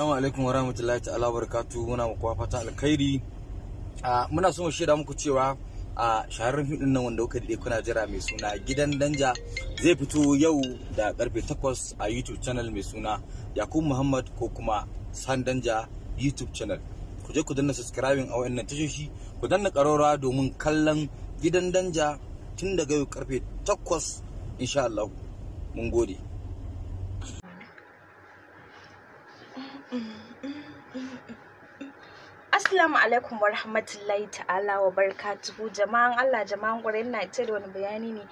Assalamu alaikum wa rahmatullahi ta'ala wa barakatu muna muku fata alkhairi. Ah, muna so mu shaida muku cewa a ah, shahararren hudun nan wanda kuka dade kuna jira mai suna gidan danja zai fito yau da karfe 8 a YouTube channel mai suna Yakubu Muhammad ko kuma San Danja YouTube channel. Ku je ku danna subscribing a wannan tashoshi, ku danna karora domin kallon gidan danja tun daga yau karfe 8 insha Allah. Mun gode. Assalamu alaikum wa rahmatullahi ta'ala wa barakatuhu jama'an Allah jama'an ƙwarin na ce da wani bayani ne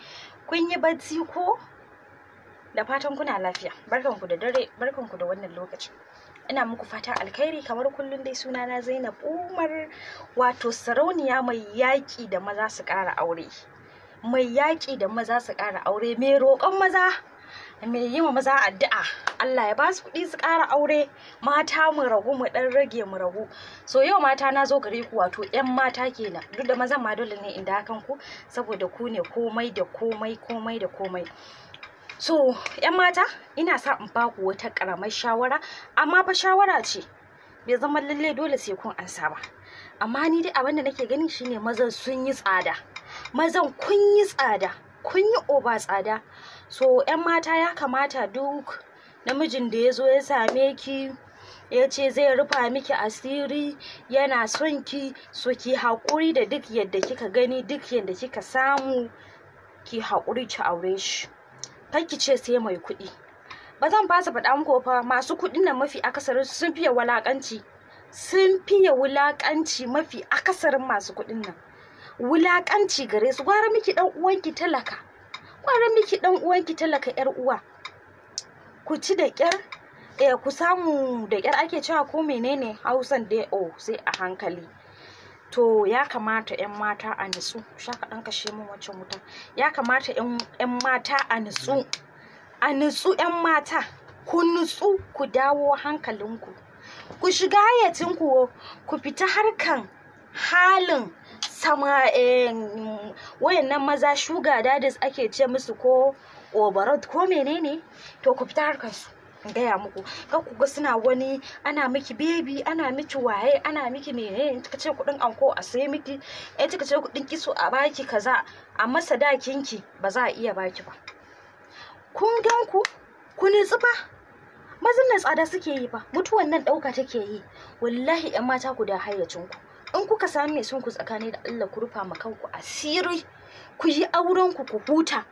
kun yi bacci ko da fatan kuna lafiya barkanku da dare barkanku da wannan lokacin ina muku fatan alkhairi kamar kullum dai suna na Zainab Umar wato sarauniya mai yaƙi da maza su ƙara aure mai yaƙi da maza su ƙara aure mai roƙon maza Me yi wa maza addu'a Allah ya ba su kuɗi su ƙara aure mata mu ragu mu ɗan rage mu ragu so yau mata na zo gare ku wato 'yan mata kenan duk da mazan ma dole ne inda kan ku saboda ku ne komai da komai komai da komai so 'yan mata ina sa in ba ku wata ƙaramar shawara amma fa shawara ce bai zama lalle dole sai kun ansa ba amma ni dai abin da nake ganin shine mazan sun yi tsada mazan kun yi tsada kun yi oba tsada so 'yan mata ya kamata duk namijin da ya zo ya same ki ya ce zai rufa miki asiri yana son ki so ki haƙuri da duk yadda kika gani duk yadda kika samu ki haƙuri ki aure shi kar ki ce sai mai kuɗi ba zan fasa faɗa muku fa masu kuɗin nan mafi akasarin sun fiye wulaƙanci sun fiye wulaƙanci mafi akasarin masu kuɗin nan wulaƙanci gare su gwara miki ɗan uwanki talaka gwara miki dan uwanki talaka yar uwa ku ci da kyar eh ku samu da kyar ake cewa ko menene hausan dai oh sai a hankali to ya kamata 'yan mata a nutsu shaka dan kashe min wancan wuta, ya kamata 'yan mata a nutsu a nutsu 'yan mata ku nutsu ku dawo hankalinku ku shiga hayacinku ku fita harkan halin sama wayan eh, wayannan maza shuga, dadis ake ce musu ko obarot ko menene to ku fita harkar su gaya muku ga ku ga suna wani ana miki baby ana miki waye ana miki mene, menene kika ce kudin anko a sai miki eh kika ce kudin kiso a baki kaza amma sadakin ki, ba za a iya baki ba kun gan ku ne tsufa mazan nan tsada suke yi ba mutuwan nan dauka take yi wallahi yan mata ku da hayyacin ku in kuka sami mai sunku ku tsakani da Allah ku rufa ma kanku asiri ku yi auren ku ku huta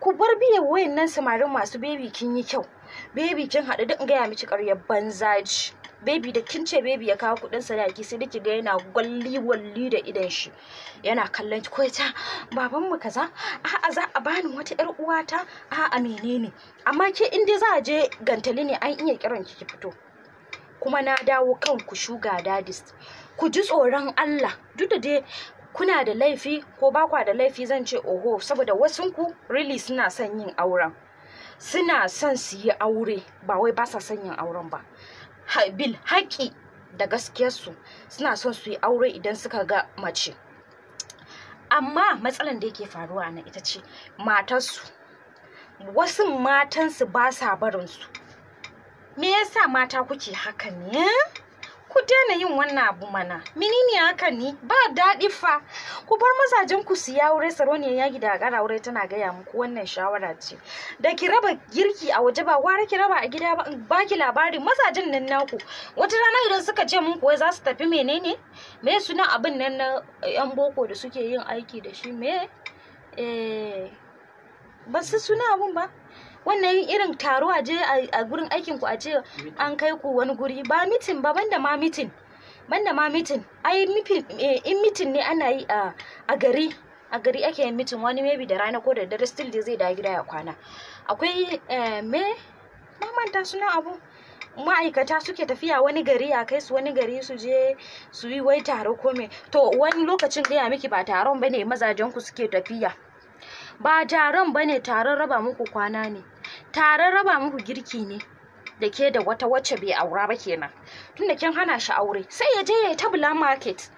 ku bar biyan wayannan samarin masu bebi kin yi kyau bebi kin haɗu duk gaya miki ƙaryar banza ji bebi da kin ce bebi ya kawo kuɗin sadaki sai dake ga yana gwalli walli da idan shi yana kallon ko ta baban mu kaza a'a za a bani wata 'yar uwata a'a menene amma ke in dai za a je gantali ne an iya kiran ki ki fito kuma na dawo kan ku shuga dadis ku ji tsoron Allah duk da dai kuna da laifi ko ba kwa da laifi zan ce oho saboda wasunku really suna son yin auren suna son su yi aure ba wai ba sa son yin auren ba bil haƙi da gaskiyarsu suna son su yi aure idan suka ga mace amma matsalan da yake faruwa na ita ce matarsu wasu matansu ba sa barinsu me yasa mata kuke haka ne ku daina yin wannan abu mana menene haka ni ba daɗi fa ku bar mazajen ku su ya aure saroniyar yaki da ƙara aure tana gaya muku wannan shawara ce da ki raba girki a waje ba gwara ki raba a gida ba ba ki labari mazajen nan naku wata rana idan suka ce mun kuwa za su tafi menene me suna abin nan na yan eh, boko da suke yin aiki da shi me eh ba su suna abun ba wannan irin taro a je a gurin aikin ku a ce an kai ku wani guri ba mitin ba banda ma mitin banda ma mitin ai eh, in mitin ne ana yi a gari a gari ake yin mitin wani maybe da rana ko da dare still dai zai da gida ya kwana akwai eh, me na manta suna abu ma'aikata suke tafiya wani gari a kai su wani gari su je su yi wai taro ko me to wani lokacin gaya miki ba taron bane mazajen ku suke tafiya ba taron bane taron raba muku kwana ne taron raba muku girki ne da ke da wata wacce bai aura ba kenan tunda kin hana shi aure sai ya je ya ta bulan market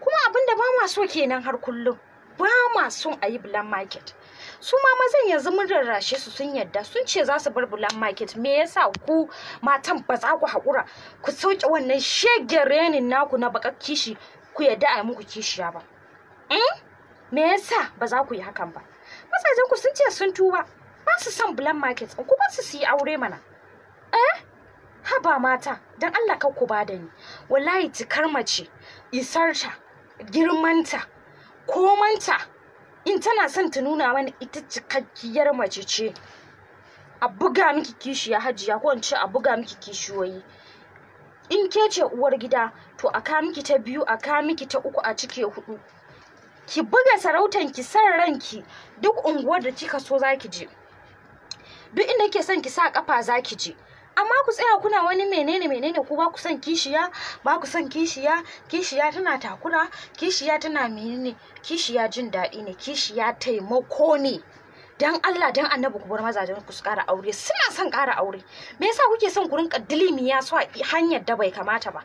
kuma abin da ba ma so kenan har kullum ba ma son a yi bulan market su ma mazan yanzu mun rarrashe su sun yadda sun ce za su bar bulan market me yasa ku matan ba za ku haƙura ku sauke wannan shegen renin naku na bakar kishi ku yadda a yi muku kishiya ba hmm? me yasa ba za ku yi hakan ba mazajen ku sun ce sun tuba ba su son bulan market ku ba su yi aure mana eh haba mata don Allah ka ku bada ni wallahi tikar mace isarta girmanta komanta in tana son ta nuna mana ita cikakkiyar mace ce a buga miki kishi kishiya hajiya ko in ce a buga miki kishiyoyi in ke ce uwar gida to a ka miki ta biyu a ka miki ta uku a cike hudu ki buga sarautan ki san ranki duk unguwar da kika so zaki je duk inda kike son ki sa kafa zaki je amma ku tsaya kuna wani menene menene ku ba ku son kishiya ba ku son kishiya kishiya tana takura kishiya tana menene kishiya jin daɗi ne kishiya taimako ne dan Allah dan annabi ku bar mazajen ku su kara aure suna son kara aure me yasa kuke son ku rinka dilimiya su hanyar da bai kamata ba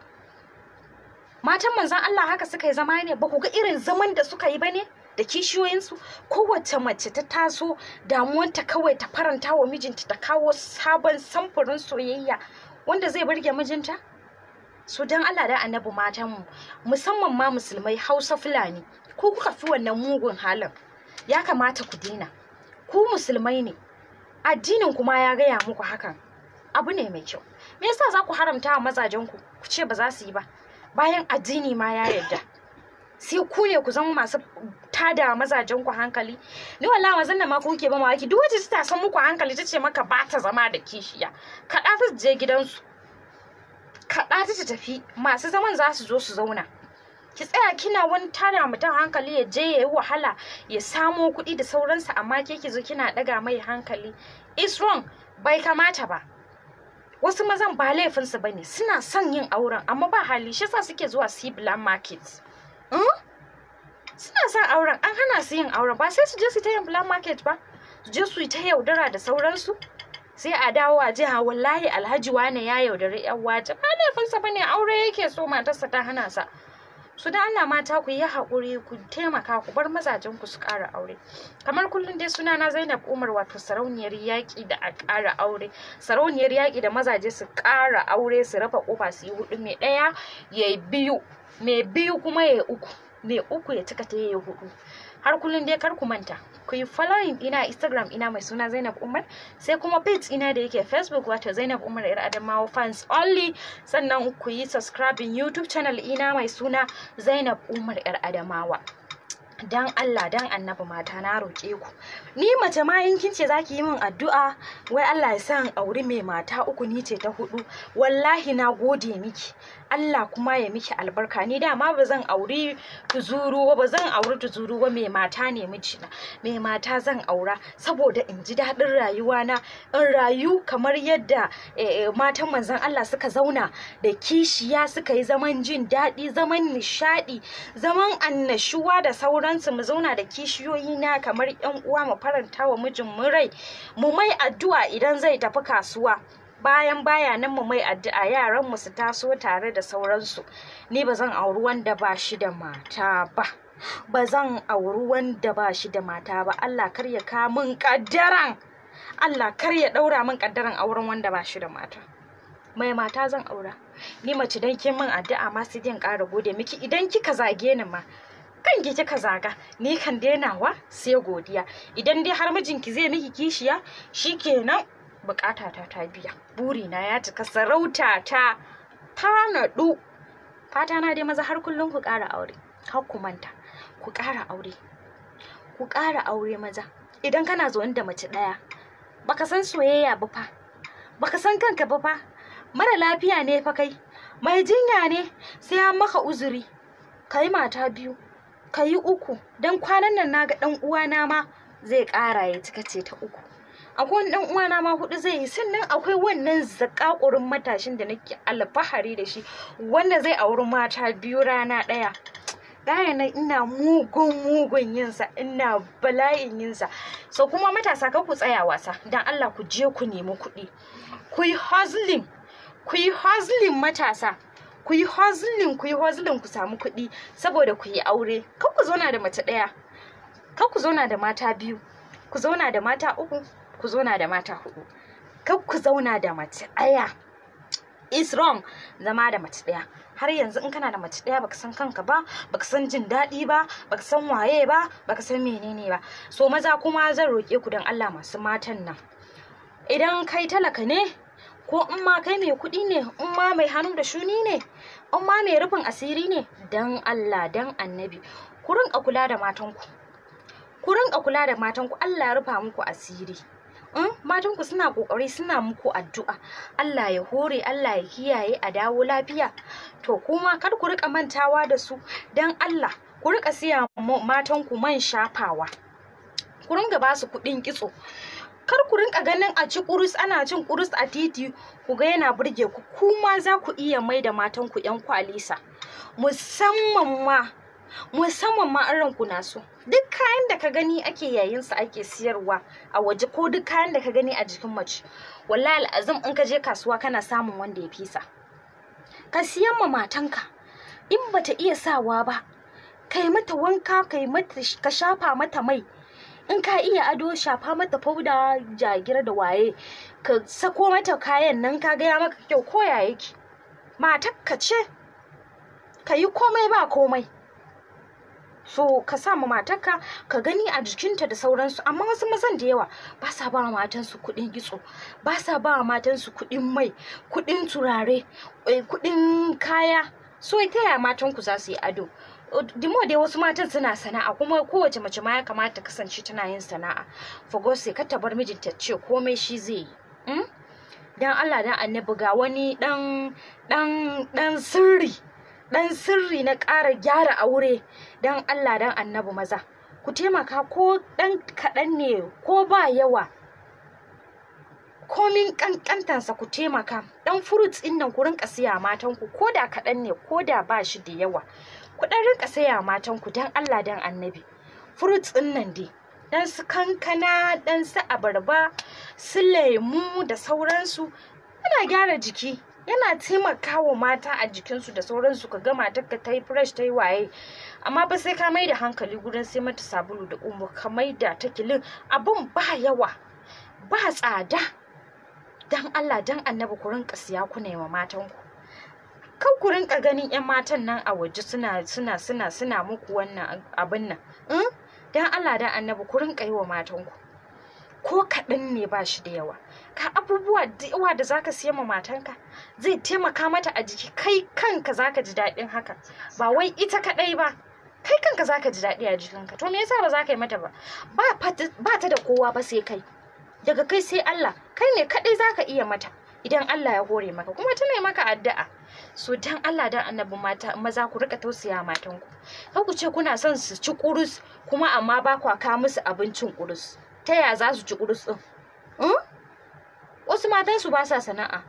matan manzon Allah haka suka yi zama ne ba ku ga irin zaman da suka yi ba ne da kishiyoyinsu kowace mace ta taso damuwanta kawai ta faranta wa mijinta ta kawo sabon samfurin soyayya wanda zai burge mijinta su don allah da annabi matanmu musamman ma musulmai hausa fulani ko kuka fi wannan mugun halin ya kamata ku dina ku musulmai ne addinin kuma ya gaya muku hakan abu ne mai kyau me yasa za ku haramta wa mazajenku ku ce ba za su yi ba bayan addini ma ya yarda sai ku ne ku zama masu tada mazajen ku hankali ni wallahi mazan nan ma ku ke ba mawaki duk wacce ta san muku hankali ta ce maka ba ta zama da kishiya kaɗa ta je gidansu kaɗa ta tafi masu zaman za su zo su zauna ki tsaya kina wani tada mutum hankali ya je ya yi wahala ya samo kuɗi da sauransa amma ke ki zo kina ɗaga mai hankali Is wrong bai kamata ba wasu mazan ba laifinsu ba ne. suna son yin auren amma ba hali shi yasa suke zuwa si black market hmm? suna son auren an hana su yin auren ba sai su je su ta yin black market ba su je su ta yaudara da sauransu sai a dawo a jiha wallahi alhaji wane ya yaudari yan waje ba laifinsa bane aure yake so matarsa ta hana sa su da Allah mata ku yi haƙuri ku taimaka ku bar mazajen ku su ƙara aure kamar kullum dai suna na Zainab Umar wato sarauniyar yaƙi da a ƙara aure sarauniyar yaƙi da mazaje su ƙara aure su rafa ƙofa su yi hudu mai ɗaya ya biyu mai biyu kuma ya uku mai uku ya cika ta yi hudu har kullum dai kar ku manta ku yi following ina instagram ina mai suna zainab umar sai kuma page ina da yake facebook wato zainab umar yar adamawa fans only sannan ku yi subscribing youtube channel ina mai suna zainab umar yar adamawa dan Allah dan annabi mata na roƙe ku ni mace ma in kin ce zaki yi min addu'a wai Allah ya san auri mai mata uku ni ce ta hudu wallahi na gode miki Allah kuma ya miki albarka ni dama ba zan auri tuzuru ba ba zan auri tuzuru ba mai mata ne mijina mai mata zan aura saboda in ji daɗin rayuwa na in rayu kamar yadda eh, eh, matan manzon Allah suka zauna da kishiya suka yi zaman jin daɗi zaman nishaɗi zaman annashuwa da sauransu mu zauna da kishiyoyi na kamar 'yan uwa mu faranta wa mijin mu rai mu mai addu'a idan zai tafi kasuwa bayan baya nan mu mai addu'a yaran mu su taso tare da sauransu ni ba zan auri wanda ba shi da mata ba ba zan auri wanda ba shi da mata ba Allah kar ya ka min kaddaran Allah kar ya daura min kaddaran auren wanda ba shi da mata mai mata zan aura ni mace dan kin min addu'a ma sai din ƙara gode miki idan kika zage ni ma kan ki kika zaga ni kan dainawa sai godiya idan dai har mijinki zai miki kishiya shikenan bukata ta ta biya burina ya cika sarauta ta ta naɗu fata na dai maza har kullum ku ƙara aure har ku manta ku ƙara aure ku ƙara aure maza idan kana zo da mace ɗaya baka san soyayya ba fa baka san kanka ba fa mara lafiya ne fa kai mai jinya ne sai an maka uzuri kai mata biyu kayi uku dan kwanan nan naga ɗan uwana ma zai ƙara ya cika ce ta uku akwai wani dan uwana ma hudu zai yi sannan akwai wannan zakakurin matashin da nake alfahari da shi wanda zai auri mata biyu rana daya gaya ina mugun mugun yinsa ina bala'in yinsa so kuma matasa ka ku tsaya wasa dan Allah ku je ku nemi kuɗi ku yi hustling ku yi hustling matasa ku yi hustling ku yi hustling ku samu kuɗi saboda ku yi aure kar ku zauna da mace ɗaya kar ku zauna da mata biyu ku zauna da mata uku ku zauna da mata hudu kar ku zauna da mace daya is wrong zama da mace ɗaya har yanzu in kana da mace daya baka san kanka ba baka san jin daɗi ba baka san waye ba baka san menene ba so maza kuma zan roƙe ku don Allah masu matan nan idan kai talaka ne ko in ma kai mai kuɗi ne in ma mai hannu da shuni ne in ma mai rufin asiri ne dan Allah dan annabi ku rinka kula da matanku ku rinka kula da matanku Allah ya rufa muku asiri Mm? matan ku suna kokari suna muku addu'a Allah ya hore Allah ya kiyaye a dawo lafiya to kuma kar ku rika mantawa da su dan Allah ku rika siya matan ku man shafawa ku ringa ba su kuɗin kitso kar ku rinka ganin a ci kurus ana cin kurus a titi ku ga yana burge ku kuma za ku iya mai da matan ku yan kwalisa musamman ma musamman ma ranku na so duk kayan da ka gani ake yayin sa ake siyarwa a waje ko duk kayan da ka gani a jikin mace wallahi al'azim in ka je kasuwa kana samun wanda ya fisa ka siyan ma matanka in bata iya sawa ba kai mata wanka kai mata ka shafa mata mai in ka iya ado shafa mata fauda jagira da waye ka sako mata kayan nan ka gaya maka kyau ko ya matakka ce ka yi komai ba komai so ka sa ma matarka ka gani a jikinta da sauransu amma wasu mazan da yawa ba sa ba matansu kuɗin kitso ba sa ba matansu kuɗin mai kuɗin turare eh, kuɗin kaya so ya matan matanku za su yi ado dimo dai wasu matan suna sana'a kuma kowace mace ma ya kamata kasance tana yin sana'a fagose ka ta bar mijinta ce komai shi zai yi hmm? dan Allah dan annabi ga wani dan dan dan sirri ɗan sirri na ƙara gyara aure don Allah don annabi maza ku taimaka ko ɗan kaɗan ne ko ba yawa komin ƙanƙantansa ku taimaka ɗan furuts ɗin nan ku rinka siya matanku ko da kaɗan ne ko da ba shi da yawa ku ɗan rinka siya matanku don Allah don annabi furuts ɗin nan dai ɗan su kankana ɗan su abarba su lemu da sauransu yana gyara jiki yana taimakawa mata a jikinsu da sauransu ka gama matarka ta yi fresh ta yi waye amma ba sai ka mai da hankali gurin sai mata sabulu da umu ka mai da takilin abin ba yawa ba tsada dan Allah dan annabi ku rinka siya ku nema matanku kan ku rinka ganin 'yan matan nan a waje suna suna suna muku wannan abin nan hmm? dan Allah dan annabi ku rinka yi wa matanku ko kaɗan ne ba shi da yawa ka abubuwa da yawa da zaka siya ma matanka zai taimaka mata a jiki kai kanka zaka ji daɗin haka ba wai ita kaɗai ba kai kanka zaka ji daɗi a jikinka to me yasa ba za ka yi mata ba ba ta da kowa ba sai kai daga kai sai Allah kai ne kaɗai zaka iya mata idan Allah ya hore maka kuma tana maka addu'a so dan Allah dan annabi mata maza ku rika tausaya matanku ku ku ce kuna son su ci kurus kuma amma ba kwa ka musu abincin kurus ta ya za su ci ƙurus ɗin hmm? wasu matan su ba sa sana'a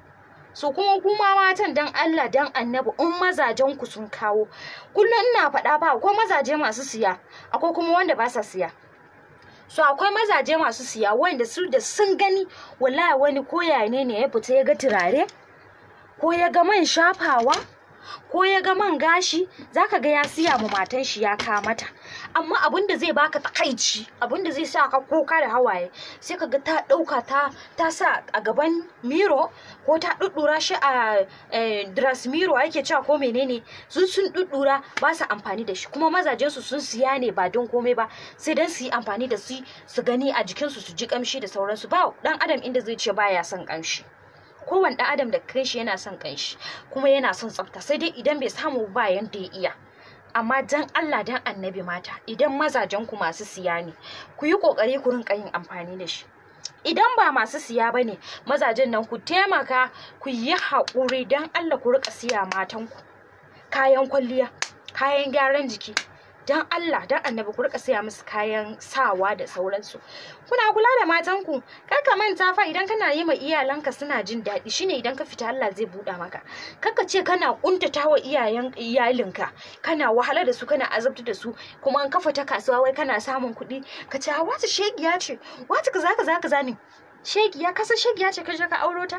su kuma kuma matan dan Allah dan annabi in mazajen ku sun kawo kullum ina faɗa ba akwai mazaje masu siya akwai kuma wanda ba sa siya su akwai mazaje masu siya wanda su da sun gani wallahi wani ko ne ne ya fita ya ga turare ko ya ga man shafawa ko ya ga man gashi zaka ga ya siya ma matan shi ya ka mata amma abin da zai baka takaici abin da zai sa ka koka da hawaye sai ka ga ta dauka ta ta sa a gaban miro ko ta duddura shi a eh, dress miro ake cewa ko menene sun sun duddura ba su amfani da shi kuma mazajen su sun siya ne ba don komai ba sai dan su yi amfani da su su gani a jikin su su ji kamshi da sauransu ba dan adam inda zai ce baya son kamshi kowane ɗan adam da kai shi yana son shi kuma yana son tsafta sai dai idan bai samu ba yanda ya iya amma dan Allah dan annabi mata idan mazajen ku masu siya ne ku yi kokari ku rinka yin amfani da shi idan ba masu siya bane mazajen nan ku taimaka ku yi haƙuri dan Allah ku rika siya matan kayan kwalliya kayan gyaran jiki don Allah don annabi ku rika saya musu kayan sawa da sauransu kuna kula da matanku kar ka manta fa idan kana yi ma iyalanka suna jin daɗi shine idan ka fita Allah zai buɗa maka kar ka ce kana kuntata wa iyayen iyalinka kana wahala da su kana azabta da su kuma an kafa ta kasuwa wai kana samun kuɗi ka ce ah, wata shegiya ce wata kaza kaza kaza ne shegiya kasa shegiya ce ka je ka auro ta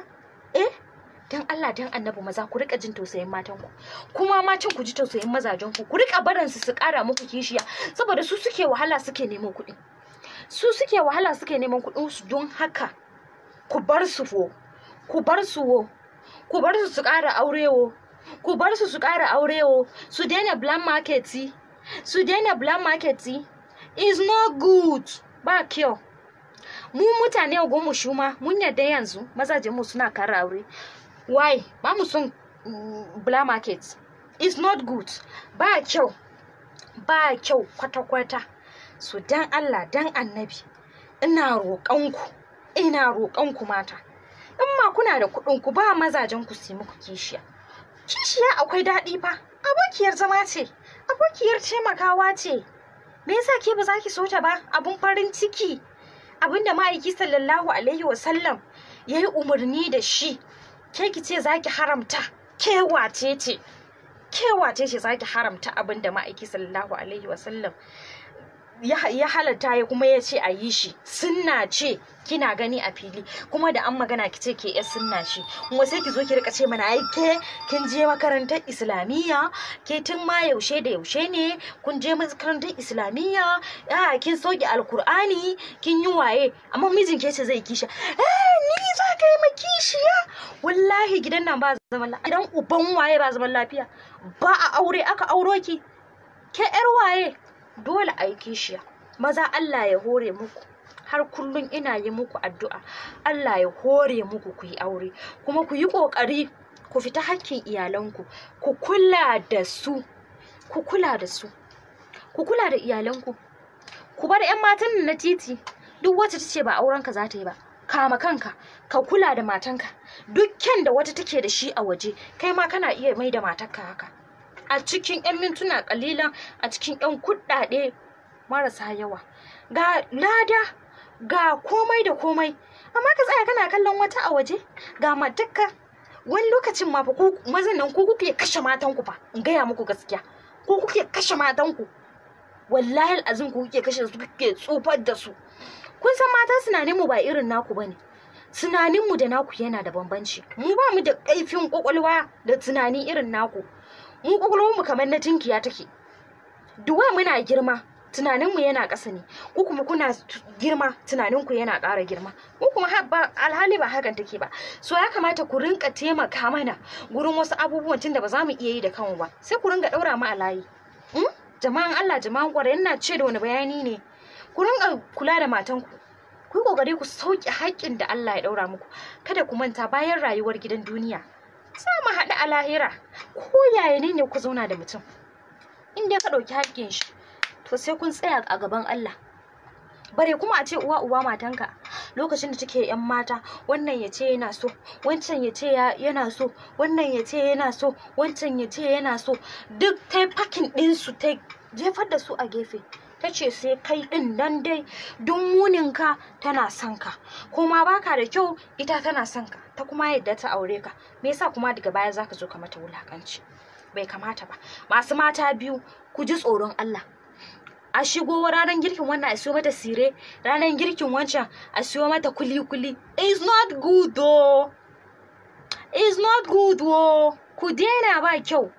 eh dan Allah dan annabi maza ku rika jin tausayin matan ku kuma macin ku ji tausayin mazajen ku ku rika barin su su kara muku kishiya saboda su suke wahala suke neman kuɗi su suke wahala suke neman kuɗin su don haka ku bar su fo ku bar su wo ku bar su su kara aurewo ku bar su su kara aurewo su daina black market su daina black market is not good ba kyau mu mutane goma shuma mun yarda yanzu mazajen mu suna kara aure why ba mu son mm, black market is not good ba kyau ba kyau kwata-kwata so dan Allah dan annabi ina roƙonku ina roƙonku mata in ma kuna da kuɗin ku ba mazajen ku su muku kishiya kishiya akwai daɗi fa abokiyar zama ce abokiyar taimakawa ce me yasa ke ba za ki so ta ba abun farin ciki abinda ma'aiki sallallahu alaihi wasallam ya yi umarni da shi ke ki ce za ki haramta ke wace ce ke wace ce za ki haramta abin da ma'aiki sallallahu alaihi wasallam ya halatta ya kuma ya ce a yi shi sunna ce kina gani a fili kuma da an magana ki ce ke yar sunna ce kuma sai ki zo ki rika ce mana ai ke kin je makarantar islamiyya ke tun ma yaushe da yaushe ne kun je makarantar islamiyya a kin soke alkur'ani kin yi waye amma mijin ke ce zai kisha eh ni za ka yi ma kishiya. wallahi gidan nan ba zaman lafiya idan uban waye ba zaman lafiya ba a aure aka auro ki ke yar waye dole a yi kishiya maza Allah ya hore muku har kullum ina yi muku addu'a Allah ya hore muku ku yi aure kuma ku yi ƙoƙari ku fita hakkin iyalanku ku kula da su ku kula da su ku kula da iyalanku ku bar 'yan matan na titi duk wata tace ce ba aurenka za ta yi ba kama kanka ka kula da matanka duk da wata take da shi a waje kai ma kana iya mai da matarka haka a cikin 'yan mintuna kalilan a cikin 'yan kuɗaɗe marasa yawa ga lada ga komai da komai amma ka tsaya kana kallon wata a waje ga matakka wani lokacin ma mazan nan ku kuke kashe matan ku fa in gaya muku gaskiya ku kuke kashe matan ku wallahi azin ku kuke kashe su kuke tsufar da su kun san mata tunanin mu ba irin naku bane tunanin mu da naku yana da bambanci mu ba mu da kaifin kwakwalwa da tunani irin naku mu mu kamar na tinkiya take duwa muna girma tunaninmu yana ƙasa ne ku kuma kuna girma tunaninku yana ƙara girma ku kuma alhali ba hakan take ba so ya kamata ku rinka taimaka mana gurin wasu abubuwan tunda ba za mu iya yi da kanmu ba sai ku rinka ɗaura mu a layi hmm? jama'an Allah jama'an ƙwarai yana ce da wani bayani ne ku rinka kula da matanku ku yi ƙoƙari ku sauke haƙƙin da Allah ya ɗaura muku kada ku manta bayan rayuwar gidan duniya za mu haɗu a lahira ko yaya ne ku zauna da mutum in dai ka ɗauki haƙƙin shi to sai kun tsaya a gaban Allah bare kuma a ce uwa uwa matanka lokacin da take yan mata wannan ya ce yana so wancan ya ce yana so wannan ya ce yana so wancan ya ce yana so duk ta fakin ɗinsu ta jefar da su a gefe ta ce sai kai ɗin nan dai dun muninka tana son ka kuma baka da kyau ita tana son ka ta kuma yadda ta aure ka me yasa kuma daga baya zaka zo ka mata wulakanci bai kamata ba masu mata biyu ku ji tsoron Allah a shigo ranar girkin wannan a siyo mata sire ranar girkin wancan a siyo mata kuli-kuli it's not good though it's not good wo ku daina ba kyau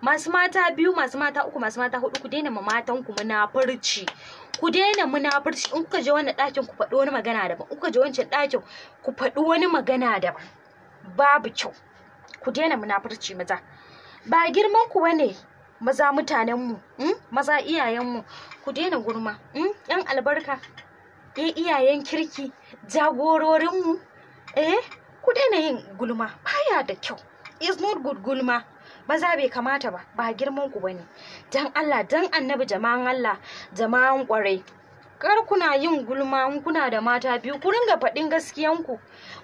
masu mata biyu masu mata uku masu mata hudu ku daina ma matan ku farci. ku daina munafurci in kuka je wani ɗakin ku faɗi wani magana daban in kuka je wancan ɗakin ku faɗi wani magana daban babu kyau ku daina munafurci maza ba girman ku bane maza mutanen mu hmm? maza iyayen mu ku daina gurma hmm? yan albarka eh iyayen kirki jagororin mu eh ku daina yin gulma baya da kyau is not good gulma maza bai kamata ba ba girman ku bane dan Allah dan annabi jama'an Allah jama'an kwarai kar kuna yin gulma in kuna da mata biyu ku ringa faɗin gaskiyanku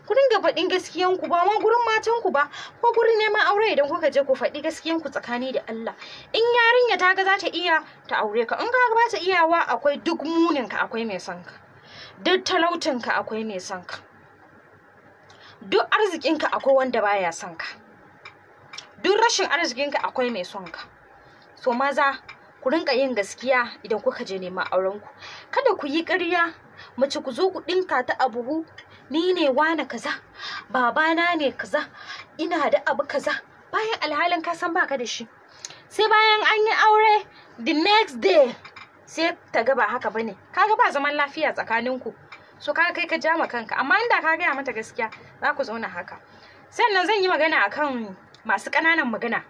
ku ringa faɗin gaskiyanku ba ma gurin matanku ba ko gurin neman aure idan kuka je ku faɗi gaskiyanku tsakani da Allah in yarinya ta ga za ta iya ta aure ka in ka ga ba ta iyawa akwai duk munin ka akwai mai son ka duk talautin ka akwai mai son ka duk arzikin ka akwai wanda baya son ka duk rashin arzikinka akwai mai son ka so maza ku rinka yin gaskiya idan kuka je neman aurenku kada ku yi ƙarya mace ku zo ku ɗinka ta a buhu ni ne wane kaza babana ne kaza ina da abu kaza bayan alhalin ka san baka da shi sai bayan an yi aure the next day sai ta ga ba haka bane kaga ba zaman lafiya tsakaninku so kaga kai ka jama kanka amma inda ka gaya mata gaskiya za ku zauna haka sannan zan yi magana akan masu ƙananan magana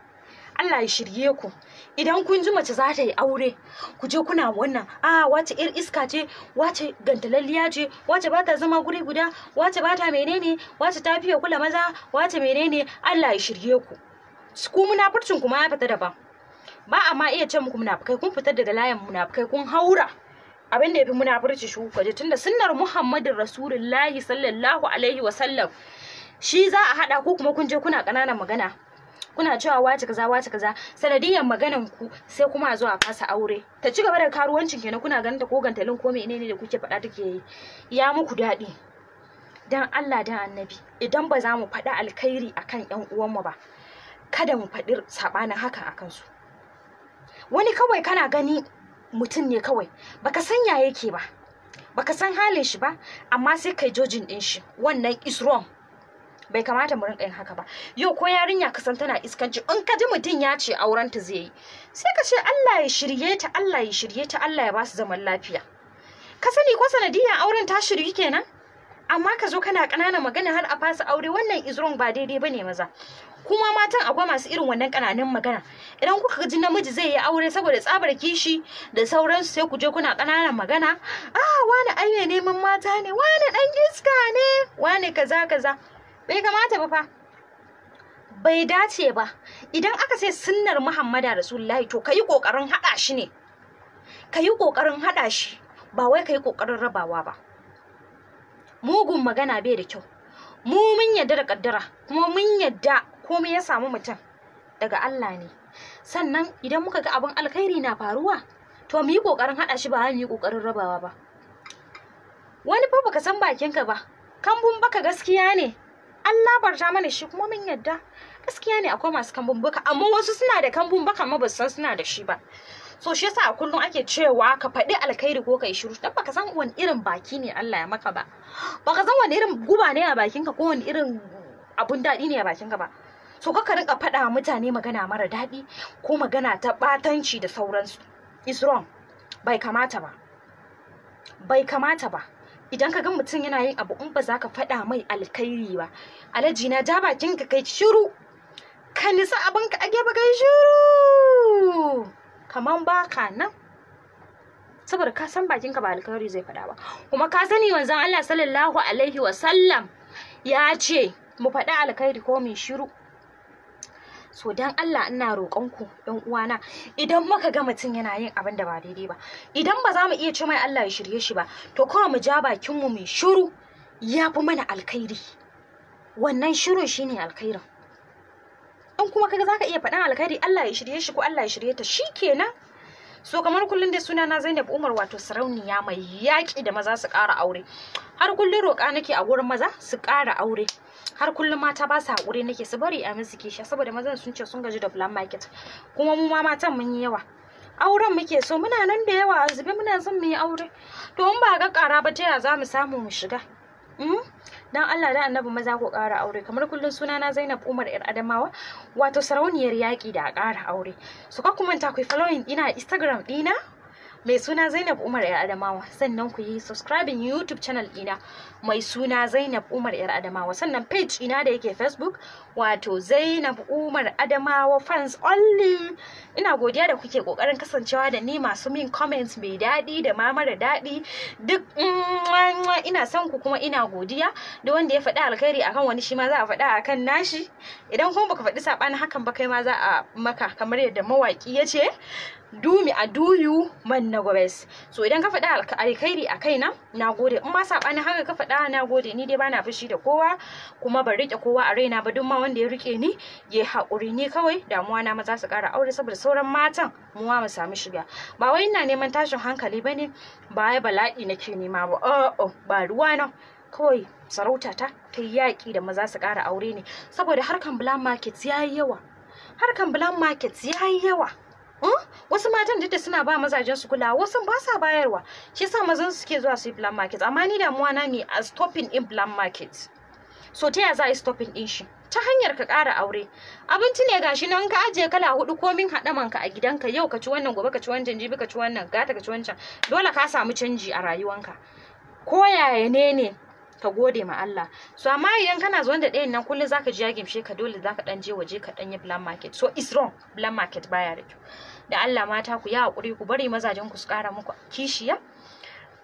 Allah ya shirye ku idan kun ji mace za ta yi aure ku je kuna wannan a wace ir iska ce wace gantalalliya ce wace ba ta zama guri guda wace ba ta menene wace ta fiye kula maza wace menene Allah ya shirye ku ku munafurcin kuma ya fita daban ba a ma iya ce muku munafukai kun fitar daga layin munafukai kun haura abin da ya fi munafurci shi ku tunda sunnar Muhammadin Rasulullahi sallallahu alaihi wa sallam shi za a haɗa ku kuma kun je kuna ƙananan magana kuna cewa wace kaza wace kaza sanadiyan maganan ku sai kuma a zo a fasa aure ta ci gaba da karuwancin kenan kuna ganin ta ko gantalin ko menene da kuke faɗa take yi ya muku daɗi dan Allah dan annabi idan ba za mu faɗi alkhairi akan ƴan uwanmu ba kada mu faɗi sabanin haka akan su wani kawai kana gani mutum ne kawai baka san ya yake ba baka san halin shi ba amma sai kai jojin din shi wannan is wrong bai kamata mu rinka yin haka ba yau ko yarinya kasan tana iskanci in ka ji mutum ya ce auren ta zai yi sai ka ce Allah ya shirye ta Allah ya shirye ta Allah ya ba su zaman lafiya ka sani ko sanadiyan auren ta shirye kenan amma ka zo kana ƙananan magana har a fasa aure wannan is ba daidai ba ne maza kuma matan akwai masu irin wannan ƙananan magana idan kuka ji namiji zai yi aure saboda tsabar kishi da sauransu sai ku je kuna ƙananan magana ah wani ai neman mata ne wani dan iska ne wani kaza kaza bai kamata ba fa bai dace ba idan aka ce sunnar muhammada rasulullahi to kayi kokarin hada shi ne kayi kokarin hada shi ba wai kayi kokarin rabawa ba mugun magana bai da kyau mu mun yadda da kaddara kuma mun yadda komai ya samu mutum daga Allah ne sannan idan muka ga abin alkhairi na faruwa to mu yi kokarin hada shi ba mu yi kokarin rabawa ba wani fa baka san bakinka ba kambun baka gaskiya ne an labarta mana shi kuma mun yadda gaskiya ne akwai masu kambun baka amma wasu suna da kambun baka amma ba san suna da shi ba so shi yasa a kullum ake cewa ka faɗi alkhairi ko kai shiru dan baka san wani irin baki ne Allah ya maka ba baka san wani irin guba ne a bakinka ko wani irin abun daɗi ne a bakinka ba so ka rinka faɗa mutane magana mara daɗi ko magana ta ɓatanci da sauransu is wrong bai kamata ba bai kamata ba idan ka ga mutum yana yin abu in ba za ka faɗa mai alkhairi ba alaji na ja bakin ka kai shiru ka nisa abin ka age kai shiru kaman ka nan saboda ka san bakin ka ba alkhairi zai faɗa ba kuma ka sani wanzan Allah sallallahu alaihi wa ya ce mu faɗi alkhairi ko mai shiru so dan Allah ina roƙon ku dan uwana idan muka ga mutum yana yin abin da ba daidai ba idan ba za mu iya ce mai Allah ya shirye shi ba to kawai mu ja bakin mu mai shiru ya fi mana alkhairi wannan shiru shine alkhairin in kuma kaga zaka iya faɗan alkhairi Allah ya shirye shi ko Allah ya shirye ta shikenan so kamar kullum da suna na Zainab Umar wato sarauniya mai yaƙi da maza su ƙara aure har kullun roƙa nake a gurin maza su ƙara aure har kullum mata ba su haƙuri nake su bari a musu kisha saboda mazan sun ce sun gaji da black market kuma mu ma matan mun yi yawa auren muke so muna nan da yawa a zube muna son mu yi aure to in ba ga ƙara ba ta za mu samu mu shiga hmm? dan Allah da annabi maza ku ƙara aure kamar kullum suna na Zainab Umar yar Adamawa wato sarauniyar yaƙi da a ƙara aure su ka kuma ta ku following ina Instagram ɗina mai suna Zainab Umar ‘yar Adamawa sannan ku yi subscribing YouTube channel ina mai suna Zainab Umar ‘yar Adamawa sannan page ina da yake Facebook wato Zainab Umar Adamawa fans only ina godiya da kuke kokarin kasancewa da ni masu min comments mai daɗi da ma mara daɗi duk ina son ku kuma ina godiya da wanda ya faɗi alkhairi akan wani shi ma za a faɗa akan nashi idan kuma baka faɗi saɓanin hakan ba kai ma za a maka kamar yadda mawaƙi ya ce dumi me a do man na gobes so idan ka faɗa alkhairi a kaina na gode in ma saɓani haka ka faɗa na gode ni dai bana fushi da kowa kuma ban rike kowa a raina ba duk ma wanda ya rike ni ya haƙuri ni kawai damuwa na maza su ƙara aure saboda sauran matan mu mu samu shiga ba wai ina neman tashin hankali bane ba bala'i nake nema ba oh ba ruwa na kawai sarauta ta yi yaƙi da maza su ƙara aure ne saboda harkan black market ya yawa harkan black market ya yi yawa wasu matan duk da suna ba mazajen su kulawa wasu ba sa bayarwa shi yasa mazan su suke zuwa su yi plan market amma ni damuwa na ne a stopping in plan market so ta za a yi stopping din shi ta hanyar ka ƙara aure abinci ne gashi nan ka ajiye kala hudu komin haɗamanka a gidanka yau ka ci wannan gobe ka ci wancan jibi ka ci wannan gata ka ci wancan dole ka samu canji a rayuwanka ko yaya ne ne ka gode ma Allah so amma idan kana zuwa da ɗayan nan kullum zaka ji ya gimshe ka dole zaka dan je waje ka dan yi black market so is wrong black market baya da kyau da Allah mata ku ya hakuri ku bari mazajen ku su kara muku kishiya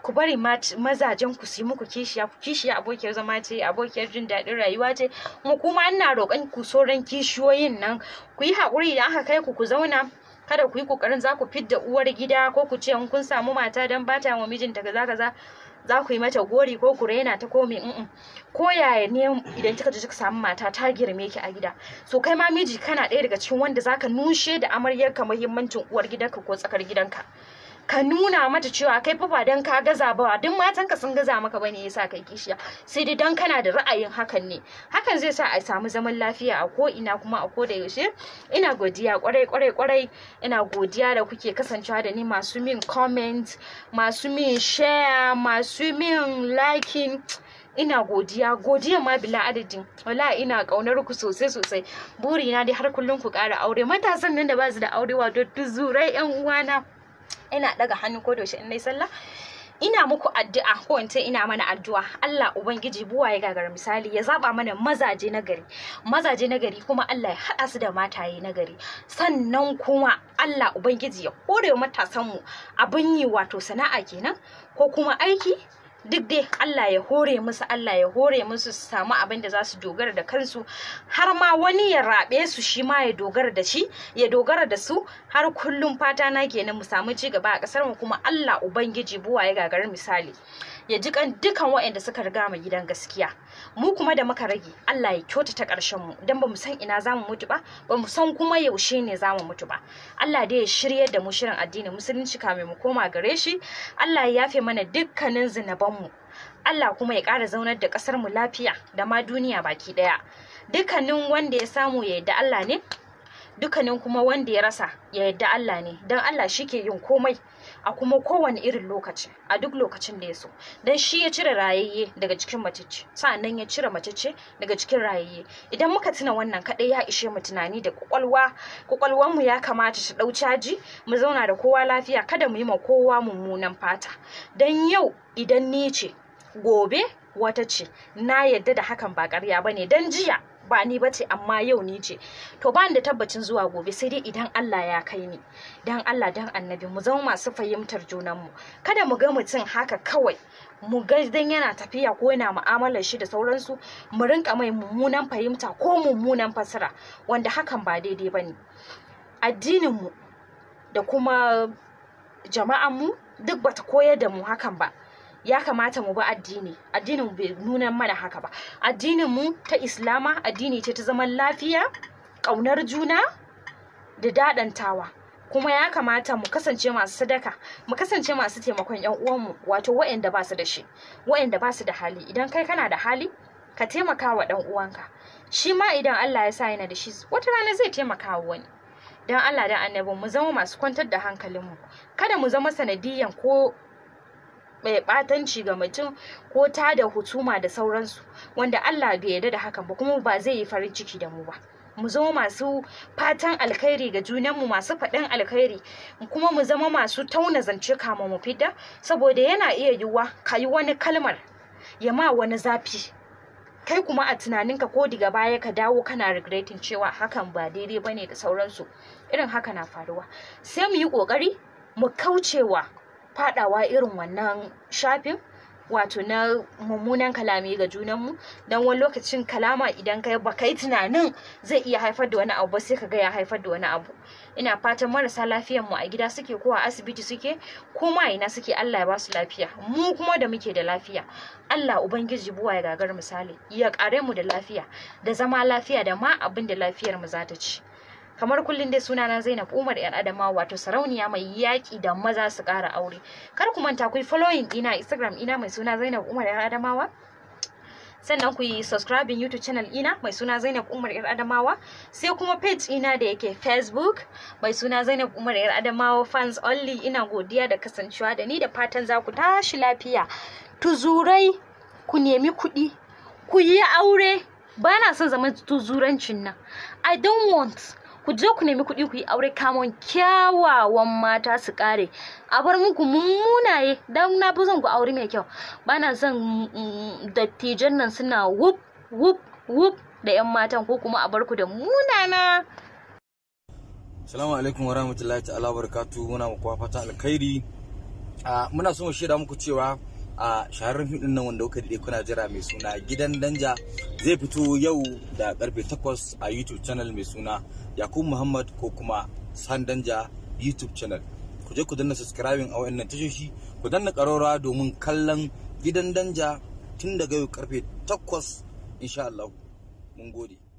ku bari mazajen ku su muku kishiya ku kishiya abokiyar zama ce abokiyar jin daɗin rayuwa ce Mu kuma ina roƙon ku sauran kishiyoyin nan ku yi hakuri idan aka kai ku ku zauna kada ku yi ƙoƙarin za ku fidda uwar gida ko ku ce kun samu mata don bata wa mijinta kaza kaza za ku yi mata gori ko ku raina ta ko me ko yaya ne idan kika je kika samu mata ta girme ki a gida so kai ma miji kana ɗaya daga cikin wanda zaka nushe da amaryar ka muhimmancin uwar gidanka ko tsakar gidanka ka nuna mata cewa kai fa ba dan ka gaza ba duk matan ka sun gaza maka bane yasa kai kishiya sai dai dan kana da ra'ayin hakan ne hakan zai sa a samu zaman lafiya a ko ina kuma a ko da yaushe ina godiya kwarai kwarai kwarai ina godiya da kuke kasancewa da ni masu min comment masu min share masu min liking ina godiya godiya ma bila adadin wala ina kaunar ku sosai sosai burina dai har kullum ku ƙara aure matasan nan da ba su da aure wato tuzurai yan uwana ina daga hannu ko da in nayi sallah ina muku addu'a ko in ina mana addu'a Allah ubangiji buwa ya gagara misali ya zaba mana mazaje na gari mazaje na gari kuma Allah ya haɗa su da mataye na gari sannan kuma Allah ubangiji ya kore matasan mu abin yi wato sana'a kenan ko kuma aiki duk dai Allah ya hore musu Allah ya hore musu su samu abin da za su dogara da kansu har ma wani ya rabe su shi ma ya dogara da shi ya dogara da su har kullum fata na kenan mu samu ci gaba a kasar mu kuma Allah ubangiji buwa ya gagarin misali ya ji kan dukan waɗanda suka riga mu gidan gaskiya mu kuma da muka rage Allah ya ta ƙarshen mu dan bamu san ina zamu mutu ba bamu san kuma yaushe ne zamu mutu ba Allah dai ya shirye da mu shirin addinin musulunci kamin mu koma gare shi Allah ya yafe mana dukkanin zinaban mu Allah kuma ya ƙara zaunar da ƙasar mu lafiya da ma duniya baki ɗaya dukkanin wanda ya samu ya yadda Allah ne dukkanin kuma wanda ya rasa ya yadda Allah ne dan Allah shi ke yin komai a kuma kowane irin lokaci a duk lokacin da ya so dan shi ya cire rayayye daga cikin matacce sa'annan ya cire matacce daga cikin rayayye idan muka tuna wannan kadai ya ishe mu tunani da kwakwalwa kwakwalwar mu ya kamata ta dau caji mu zauna da kowa lafiya kada mu yi ma kowa mummunan fata dan yau idan ni ce gobe wata ce na yadda da hakan ba ƙarya bane dan jiya ba ni bace amma yau ni ce to ba ni da tabbacin zuwa gobe sai dai idan Allah ya kai ni dan Allah dan annabi mu zama masu fahimtar junanmu kada mu ga mutum haka kawai mu ga dan yana tafiya ko yana mu'amalar shi da sauransu mu rinka mai mummunan fahimta ko mummunan fasara wanda hakan ba daidai bane addininmu da kuma jama'anmu duk bata koyar da mu hakan ba ya kamata mu bi addini addinin mu bai nuna mana haka ba addinin mu ta islama addini ce ta zaman lafiya ƙaunar juna da daɗantawa kuma ya kamata mu kasance masu sadaka mu kasance masu taimakon yan uwanmu wato wa'anda ba su da shi wa'anda ba su da hali idan kai kana da hali ka taimaka wa dan uwanka shi ma idan Allah ya sa yana da shi wata rana zai taimaka wa wani dan Allah dan annabi mu zama masu kwantar da hankalinmu kada mu zama sanadiyan ko ɓatanci ga mutum ko ta da hutuma da sauransu wanda Allah bai yarda da hakan ba kuma ba zai yi farin ciki da mu ba mu zo masu fatan alkhairi ga junanmu masu faɗin alkhairi kuma mu zama masu tauna zance kama mu fidda saboda yana iya yiwuwa ka yi wani kalmar ya ma wani zafi kai kuma a tunaninka ko daga baya ka dawo kana regretin cewa hakan ba daidai bane da sauransu irin haka na faruwa sai mu yi ƙoƙari mu kaucewa faɗawa irin wannan shafin wato na mummunan kalami ga junanmu don wani lokacin kalama idan ka ba kai tunanin zai iya haifar da wani abu ba sai ka gaya haifar da wani abu ina fatan marasa lafiyar a gida suke ko a asibiti suke ko ma ina suke Allah ya ba su lafiya mu kuma da muke da lafiya Allah ubangiji buwa ya gagar misali ya kare mu da lafiya da zama lafiya da ma abin da lafiyar mu za ta ci kamar kullum dai sunana Zainab Umar yan Adama wato sarauniya mai yaki da maza su kara aure kar ku manta ku following ɗina Instagram ina mai suna Zainab Umar yan Adamawa sannan ku yi subscribing YouTube channel ina mai suna Zainab Umar Yar Adamawa sai kuma page ina da yake Facebook mai suna Zainab Umar Yar Adamawa fans only ina godiya da kasancewa da ni da fatan za ku tashi lafiya tuzurai ku nemi kuɗi ku yi aure ba na son zaman tuzurancin nan I don't want ku je ku nemi kuɗi ku yi aure kamon kyawawan mata su ƙare a bar muku munaye don na fi zan ku aure mai kyau bana son mm, dattijan nan suna wup wup wup da 'yan matan ko kuma a bar ku da munana Salamu alaikum wa rahmatullahi ta'ala wa muna muku alkhairi ah, muna so mu shaida muku cewa a shaharar hudun nan wanda kuka dade kuna jira mai suna gidan danja zai fito yau da karfe 8 a YouTube channel mai suna yakub Muhammad ko kuma San Danja YouTube channel ku je ku danna subscribing a wayannan tashoshi ku danna karora domin kallon gidan danja tun daga yau karfe 8 insha Allah mun gode